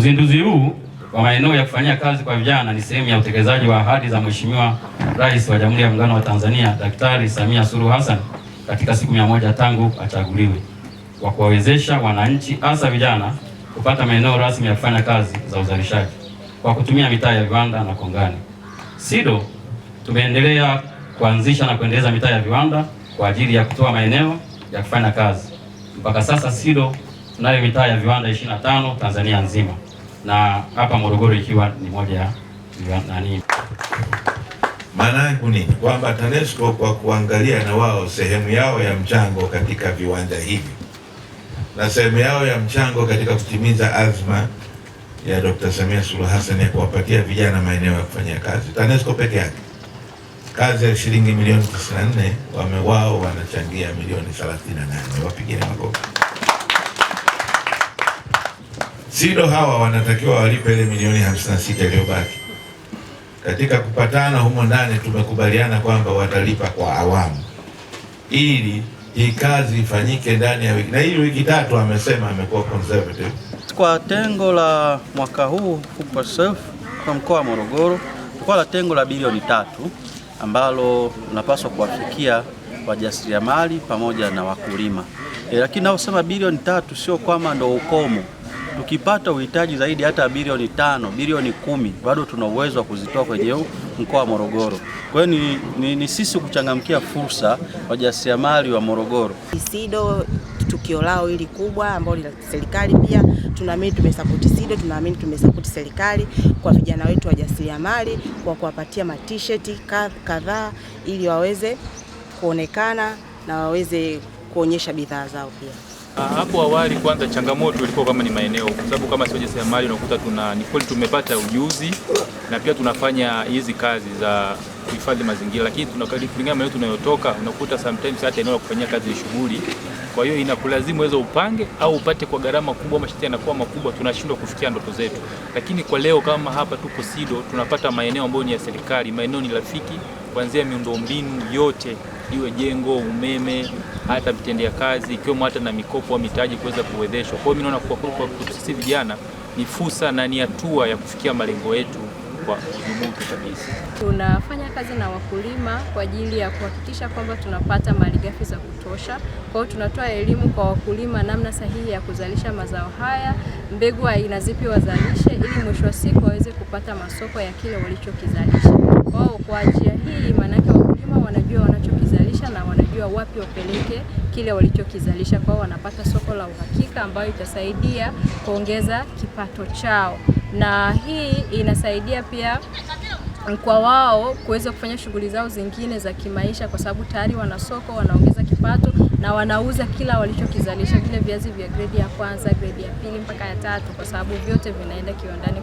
Uzinduzi huu wa maeneo ya kufanyia kazi kwa vijana ni sehemu ya utekelezaji wa ahadi za Mheshimiwa Rais wa Jamhuri ya Muungano wa Tanzania Daktari Samia Suluhu Hassan katika siku mia moja tangu achaguliwe, wa kuwawezesha wananchi hasa vijana kupata maeneo rasmi ya kufanya kazi za uzalishaji kwa kutumia mitaa ya viwanda na kongani. SIDO tumeendelea kuanzisha na kuendeleza mitaa ya viwanda kwa ajili ya kutoa maeneo ya kufanya kazi. Mpaka sasa SIDO tunayo mitaa ya viwanda 25 Tanzania nzima na hapa Morogoro ikiwa ni moja ya nani. Maana yangu ni kwamba TANESCO kwa kuangalia na wao sehemu yao ya mchango katika viwanja hivi na sehemu yao ya mchango katika kutimiza azma ya Dr. Samia Suluhu Hassan ya kuwapatia vijana maeneo ya kufanyia kazi. TANESCO peke yake kazi ya shilingi milioni 94 wame wao wanachangia milioni 38. Wapigeni makofi. SIDO hawa wanatakiwa walipe ile milioni 56 iliyobaki. Katika kupatana humo ndani, tumekubaliana kwamba watalipa kwa awamu ili hii kazi ifanyike ndani ya wiki, na hii wiki tatu amesema amekuwa conservative. Kwa tengo la mwaka huu self kwa mkoa wa Morogoro kwa la tengo la bilioni tatu ambalo unapaswa kuwafikia wajasiriamali pamoja na wakulima e, lakini naosema bilioni tatu sio kwamba ndo ukomo tukipata uhitaji zaidi hata bilioni tano bilioni kumi bado tuna uwezo wa kuzitoa kwenye mkoa wa Morogoro. Kwa hiyo ni, ni, ni sisi kuchangamkia fursa wajasiriamali wa Morogoro. SIDO tukio lao hili kubwa ambao ni serikali pia tunaamini tumesapoti SIDO, tunaamini tumesapoti serikali kwa vijana wetu wajasiriamali kwa kuwapatia matisheti kadhaa ili waweze kuonekana na waweze kuonyesha bidhaa zao pia. Hapo awali kwanza changamoto ilikuwa kama ni maeneo, kwa sababu kama sio jasiriamali unakuta tuna ni kweli tumepata ujuzi na pia tunafanya hizi kazi za kuhifadhi mazingira, lakini kulingana maeneo tunayotoka unakuta sometimes hata eneo la kufanyia kazi shughuli, kwa hiyo inakulazimu uweze upange au upate kwa gharama kubwa, masharti yanakuwa makubwa, tunashindwa kufikia ndoto zetu. Lakini kwa leo kama hapa tuko SIDO tunapata maeneo ambayo ni ya serikali, maeneo ni rafiki kuanzia miundombinu yote iwe jengo, umeme, hata vitendea kazi, ikiwemo hata na mikopo au mitaji kuweza kuwezeshwa. Kwa hiyo mimi naona kwa sisi vijana ni fursa na ni hatua ya kufikia malengo yetu kwa udhubutu kabisa. Tunafanya kazi na wakulima kwa ajili ya kuhakikisha kwamba tunapata malighafi za kutosha. Kwa hiyo tunatoa elimu kwa wakulima namna sahihi ya kuzalisha mazao haya, mbegu aina zipi wazalishe, ili mwisho wa siku waweze kupata masoko ya kile walichokizalisha. Kwa hiyo kwa njia hii maana wanajua wapi wapeleke kile walichokizalisha kwao, wanapata soko la uhakika ambayo itasaidia kuongeza kipato chao, na hii inasaidia pia kwa wao kuweza kufanya shughuli zao zingine za kimaisha, kwa sababu tayari wana soko, wanaongeza kipato na wanauza kila walichokizalisha, vile viazi vya gredi ya kwanza, gredi ya pili mpaka ya tatu, kwa sababu vyote vinaenda kiwandani.